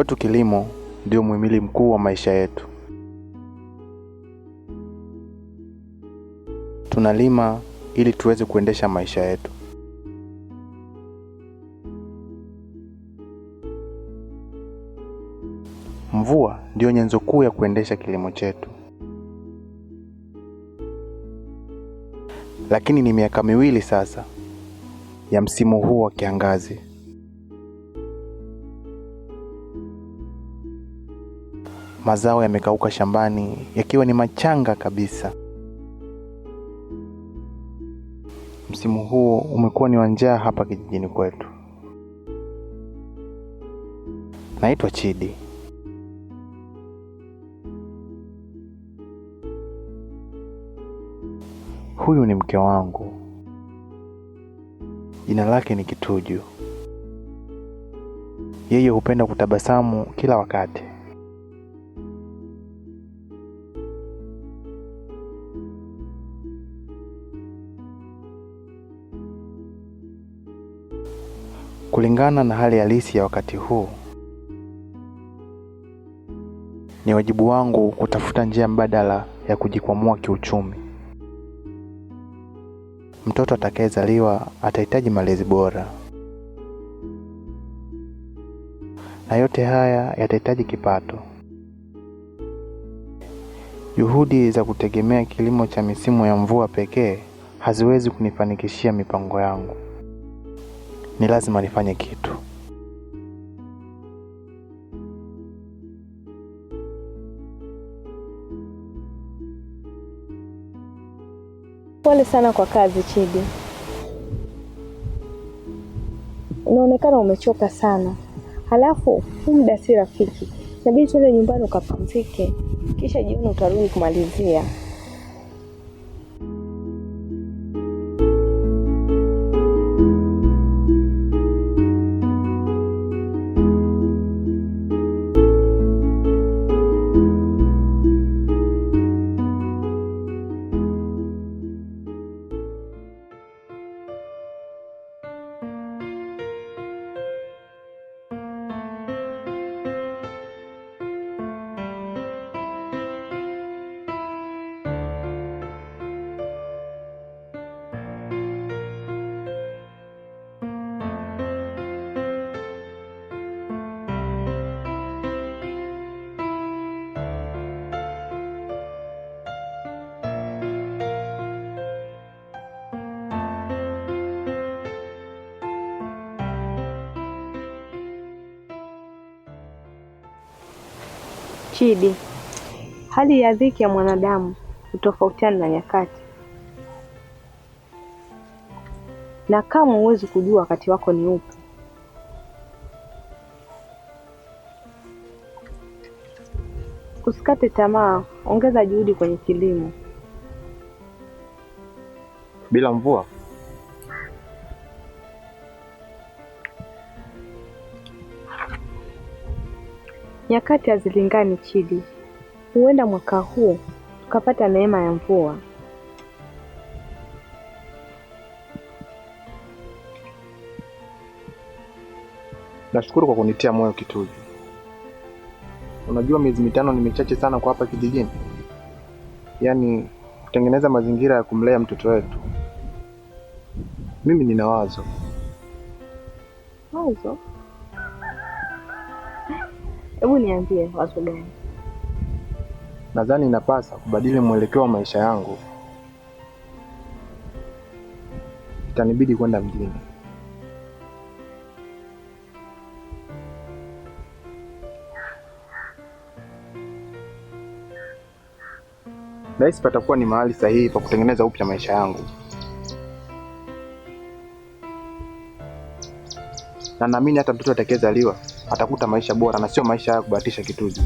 Kwetu kilimo ndio muhimili mkuu wa maisha yetu. Tunalima ili tuweze kuendesha maisha yetu. Mvua ndiyo nyenzo kuu ya kuendesha kilimo chetu. Lakini ni miaka miwili sasa ya msimu huu wa kiangazi. mazao yamekauka shambani yakiwa ni machanga kabisa. Msimu huo umekuwa ni wa njaa hapa kijijini kwetu. Naitwa Chidi. Huyu ni mke wangu, jina lake ni Kituju. Yeye hupenda kutabasamu kila wakati. kulingana na hali halisi ya wakati huu. Ni wajibu wangu kutafuta njia mbadala ya kujikwamua kiuchumi. Mtoto atakayezaliwa atahitaji malezi bora, na yote haya yatahitaji kipato. Juhudi za kutegemea kilimo cha misimu ya mvua pekee haziwezi kunifanikishia mipango yangu ni lazima nifanye kitu. Pole sana kwa kazi Chidi, unaonekana umechoka sana. Halafu huu muda si rafiki, nabidi tuende nyumbani ukapumzike, kisha jioni utarudi kumalizia. Kidi, hali ya dhiki ya mwanadamu hutofautiana na nyakati, na kama huwezi kujua wakati wako ni upi. Usikate tamaa, ongeza juhudi kwenye kilimo. Bila mvua Nyakati hazilingani Chidi, huenda mwaka huu tukapata neema ya mvua. Nashukuru kwa kunitia moyo Kituju. Unajua, miezi mitano ni michache sana kwa hapa kijijini, yaani kutengeneza mazingira ya kumlea mtoto wetu. Mimi nina wazo. Wazo? Hebu niambie wazo gani? Nadhani inapasa kubadili mwelekeo wa maisha yangu, itanibidi kwenda mjini. Nahisi patakuwa ni mahali sahihi pa kutengeneza upya maisha yangu, na naamini hata mtoto atakayezaliwa atakuta maisha bora na sio maisha ya kubahatisha kituju.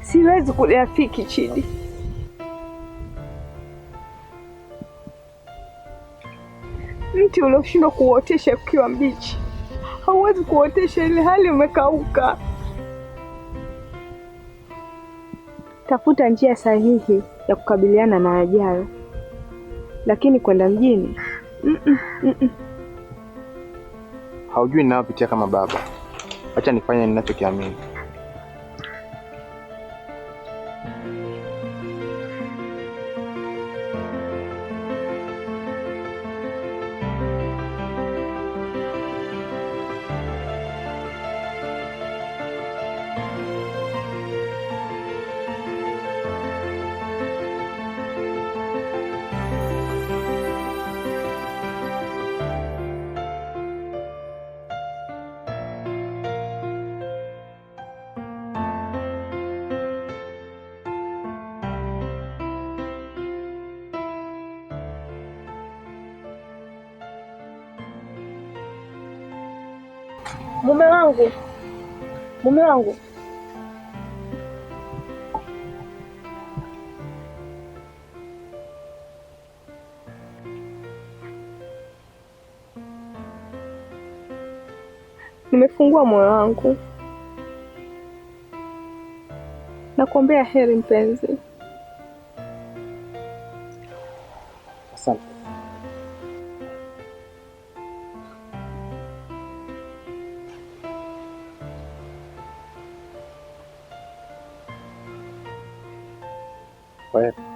Siwezi kuliafiki Chidi. Mti ulioshindwa kuotesha ukiwa mbichi hauwezi kuotesha ile hali umekauka. Tafuta njia sahihi ya kukabiliana na ajali, lakini kwenda mjini mm -mm, mm -mm haujui ninayopitia kama baba. Acha nifanye ninachokiamini. Mume wangu, mume wangu, nimefungua moyo wangu, nakuombea heri mpenzi. pues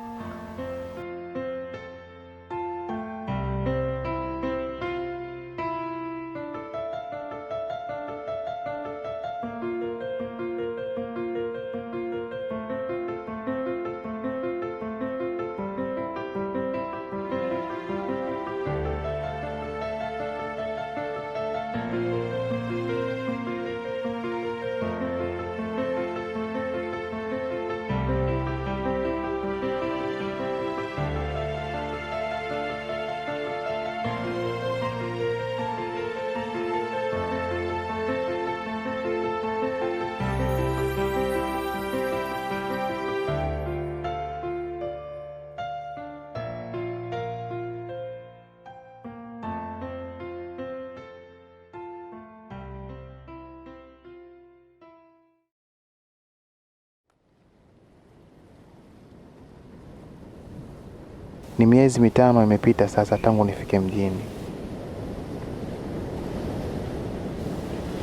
Ni miezi mitano imepita sasa tangu nifike mjini.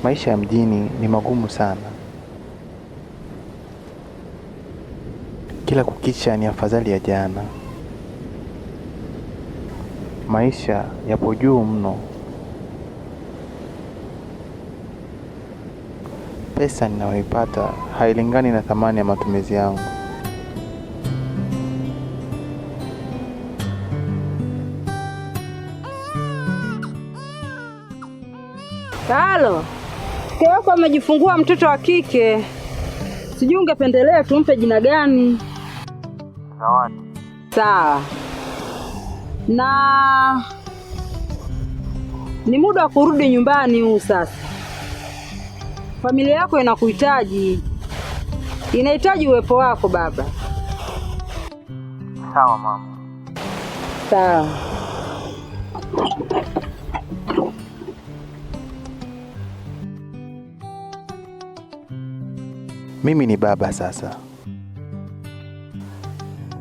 Maisha ya mjini ni magumu sana. Kila kukicha ni afadhali ya jana. Maisha yapo juu mno. Pesa ninayoipata hailingani na thamani ya matumizi yangu. Halo, mke wako amejifungua mtoto wa kike, sijui ungependelea tumpe jina gani? Zawadi. Sawa. Na ni muda wa kurudi nyumbani huu sasa. Familia yako inakuhitaji, inahitaji uwepo wako baba. Sawa mama. Sawa. Mimi ni baba sasa,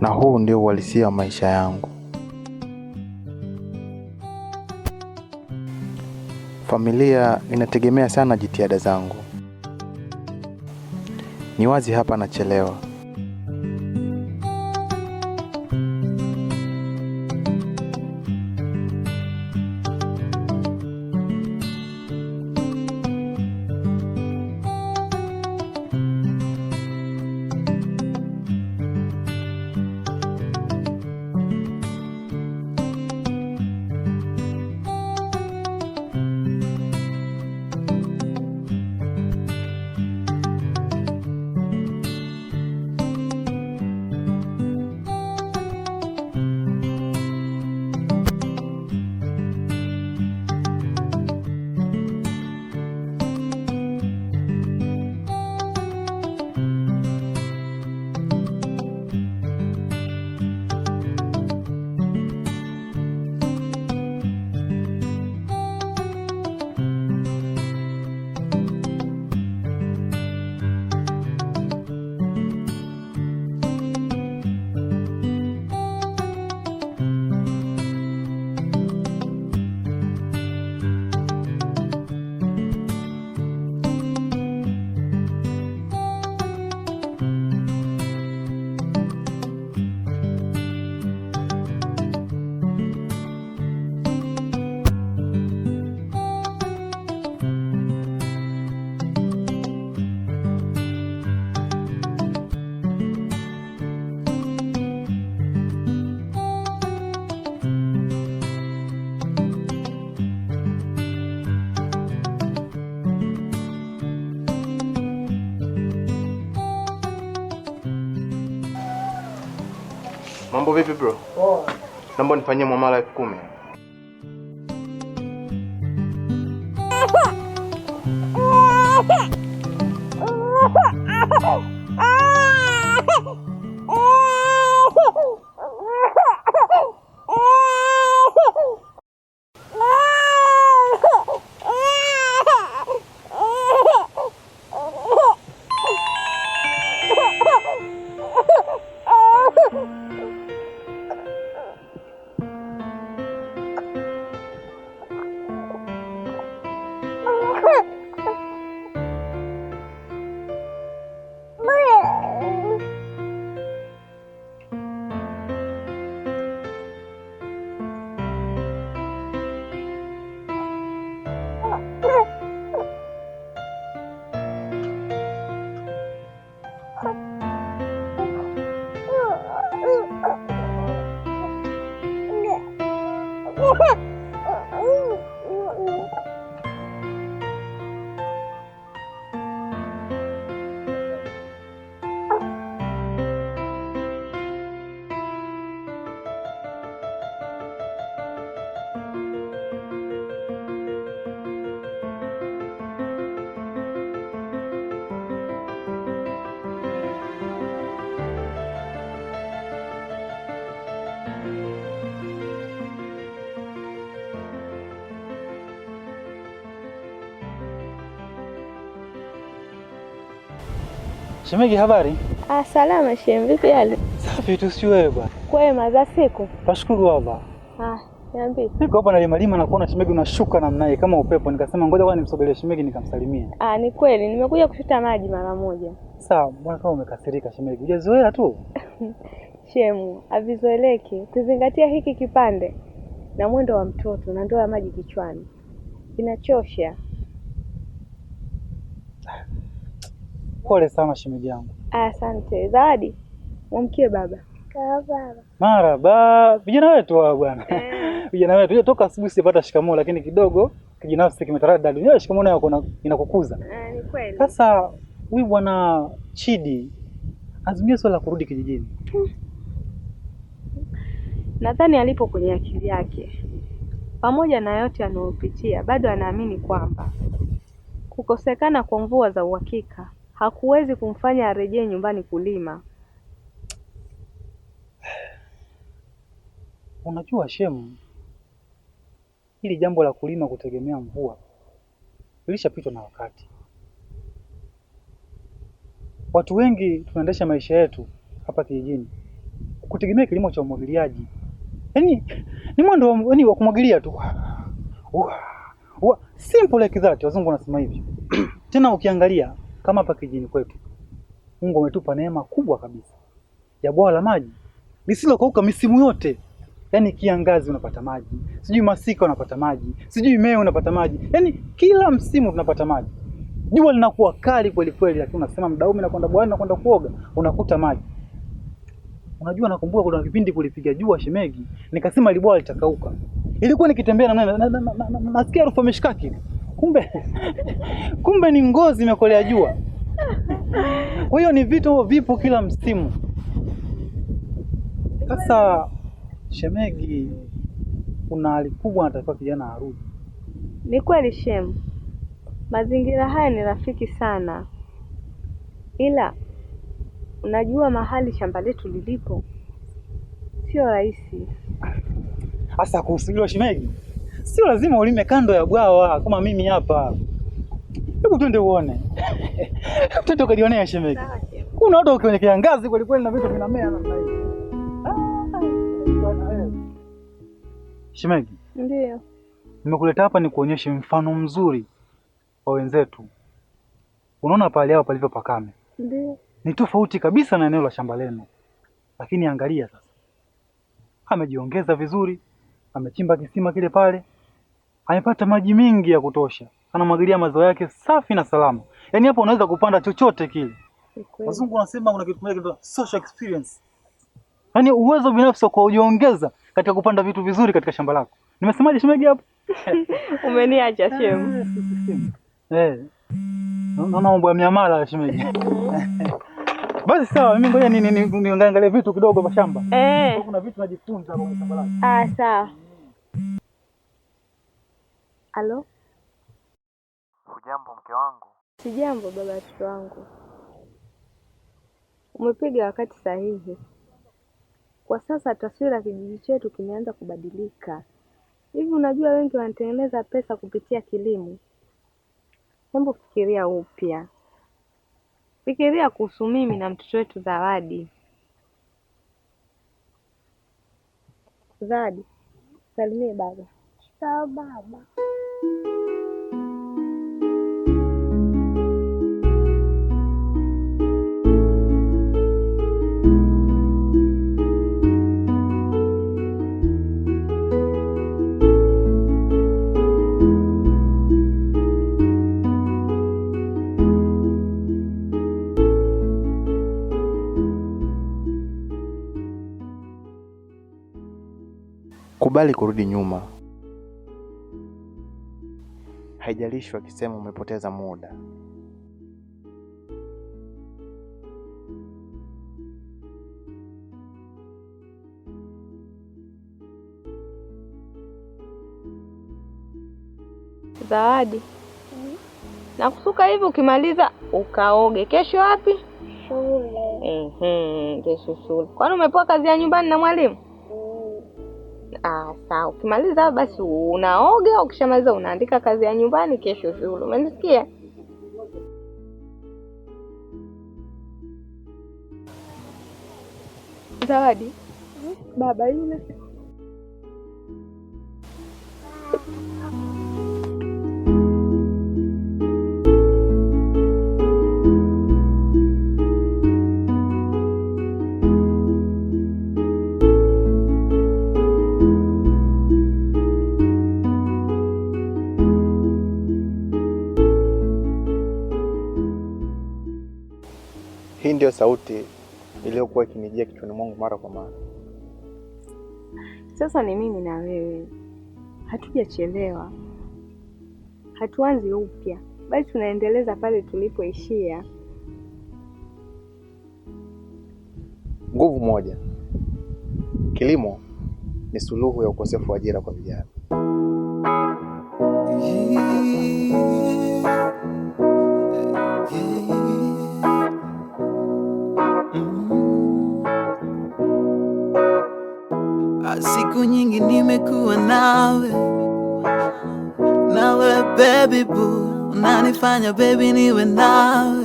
na huu ndio uhalisia wa maisha yangu. Familia inategemea sana jitihada zangu. Ni wazi hapa nachelewa, Mambo vipi bro? Poa. Naomba nifanyie muamala elfu kumi. Shemeji, habari? Ah, salama shem, vipi hali? Safi tu, si wewe bwana. Kwema za siku? Tashukuru baba. Ah, niambie. Niko hapa nalimalima na kuona shemeji unashuka namna hii kama upepo, nikasema ngoja kwanza nimsogelee shemeji nikamsalimia. Ah, ni kweli, nimekuja kuchota maji mara moja. Sawa, mbona kama umekasirika shemeji? Hujazoea tu. Shemu, avizoeleki. Tuzingatia hiki kipande na mwendo wa mtoto na ndoo ya maji kichwani. Inachosha. Pole sana shemeji yangu. Asante Zawadi. Mwamkie baba. Baba. vijana wetu hawa bwana. Eh. Vijana wetu toka asubuhi sipata shikamoo, lakini kidogo kijinafsi kimetaraddadi. Unajua shikamoo nayo inakukuza. Eh, ni kweli. Sasa huyu bwana Chidi azimia swala la kurudi kijijini. Hmm. Nadhani alipo kwenye akili yake, pamoja na yote anayopitia, bado anaamini kwamba kukosekana kwa mvua za uhakika hakuwezi kumfanya arejee nyumbani kulima. Unajua shemu, hili jambo la kulima kutegemea mvua lilishapitwa na wakati. Watu wengi tunaendesha maisha yetu hapa kijijini kutegemea kilimo cha umwagiliaji, yaani ni mwendo yaani wa kumwagilia tu simple like that, wazungu wanasema hivyo. Tena ukiangalia kama hapa kijijini kwetu, Mungu ametupa neema kubwa kabisa ya bwawa la maji lisilokauka misimu yote. Yaani kiangazi unapata maji, sijui masika unapata maji, sijui meo unapata maji, yaani kila msimu tunapata maji. Jua linakuwa kali kweli kweli, lakini unasema mdaume, nakwenda bwawani, nakwenda kuoga, unakuta maji. Unajua, nakumbuka kuna kipindi kulipiga jua shemegi, nikasema libwawa litakauka. Ilikuwa nikitembea na nasikia harufu ya mishikaki kumbe kumbe ni ngozi imekolea jua. Kwa hiyo ni vitu hivyo vipo kila msimu. Sasa shemegi, kuna hali kubwa, anatakiwa kijana arudi. Ni kweli shemu, mazingira haya ni rafiki sana, ila unajua mahali shamba letu lilipo sio rahisi. Sasa kuhusu hilo shemegi sio lazima ulime kando ya bwawa kama mimi hapa. Hebu twende uone, twende ukajionea shemeki. Kuna watu kwenye kiangazi kweli kweli na vitu vinamea namna hii. Ah, shemeki, ndio nimekuleta hapa ni kuonyeshe mfano mzuri wa wenzetu. Unaona pale hapo palivyo pakame, ndio ni tofauti kabisa na eneo la shamba lenu, lakini angalia sasa, amejiongeza vizuri, amechimba kisima kile pale amepata maji mengi ya kutosha, anamwagilia mazao yake safi na salama. Yaani hapo unaweza kupanda chochote kile. Wazungu wanasema kuna kitu kinaitwa social experience, yaani uwezo binafsi kwa ujiongeza katika kupanda vitu vizuri katika shamba lako. Nimesemaje shemeji hapo? Umeniacha shemu. Eh. Naona mambo ya miamala shemeji. Basi sawa, mimi ngoja ni niangalie vitu kidogo kwa shamba. Eh. Kuna vitu najifunza kwa shamba lako. Ah, sawa. Halo, hujambo mke wangu? Sijambo baba ya mtoto wangu. Umepiga wakati sahihi. Kwa sasa taswira ya kijiji chetu kimeanza kubadilika. Hivi unajua wengi wanatengeneza pesa kupitia kilimo. Hebu fikiria upya, fikiria kuhusu mimi na mtoto wetu Zawadi. Zawadi, salimie baba. Sawa baba. Usikubali kurudi nyuma. Haijalishi wakisema umepoteza muda. Zawadi, mhm. Na kusuka hivi ukimaliza ukaoge. Kesho wapi? Shule. Ehe, mhm, kesho shule. Kwani umepewa kazi ya nyumbani na mwalimu? Sasa Ukimaliza basi unaoga, ukishamaliza unaandika kazi ya nyumbani, kesho shule. Umenisikia? Zawadi, Baba yule ndiyo sauti iliyokuwa ikinijia kichwani mwangu mara kwa mara. Sasa ni mimi na wewe, hatujachelewa, hatuanzi upya, bali tunaendeleza pale tulipoishia. Nguvu moja, kilimo ni suluhu ya ukosefu wa ajira kwa vijana. siku nyingi nimekuwa nawe nawe baby boo, unanifanya baby niwe nawe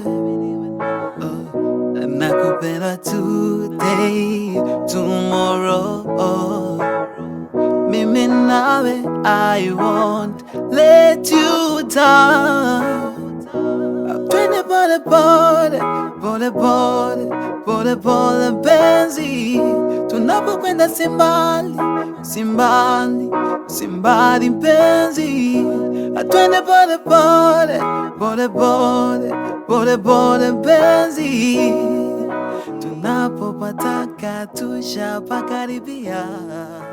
oh, nakupenda today tomorrow oh. mimi nawe I won't let you down twende pole pole pole pole pole pole mpenzi, tunapokwenda simbali simbali simbali mpenzi, atwende pole pole pole pole pole pole mpenzi, tunapopataka tushapakaribia.